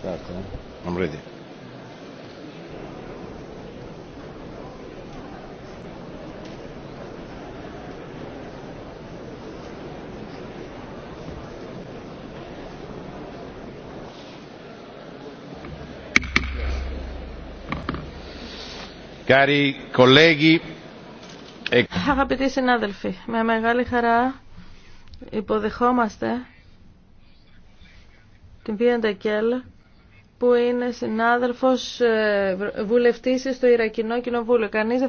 start. I'm ready. Cari colleghi, Αγαπητοί συνάδελφοι, με μεγάλη χαρά υποδεχόμαστε την Βία Κέλ που είναι συνάδελφος ε, βουλευτής στο Ιρακινό Κοινοβούλιο. Κανείς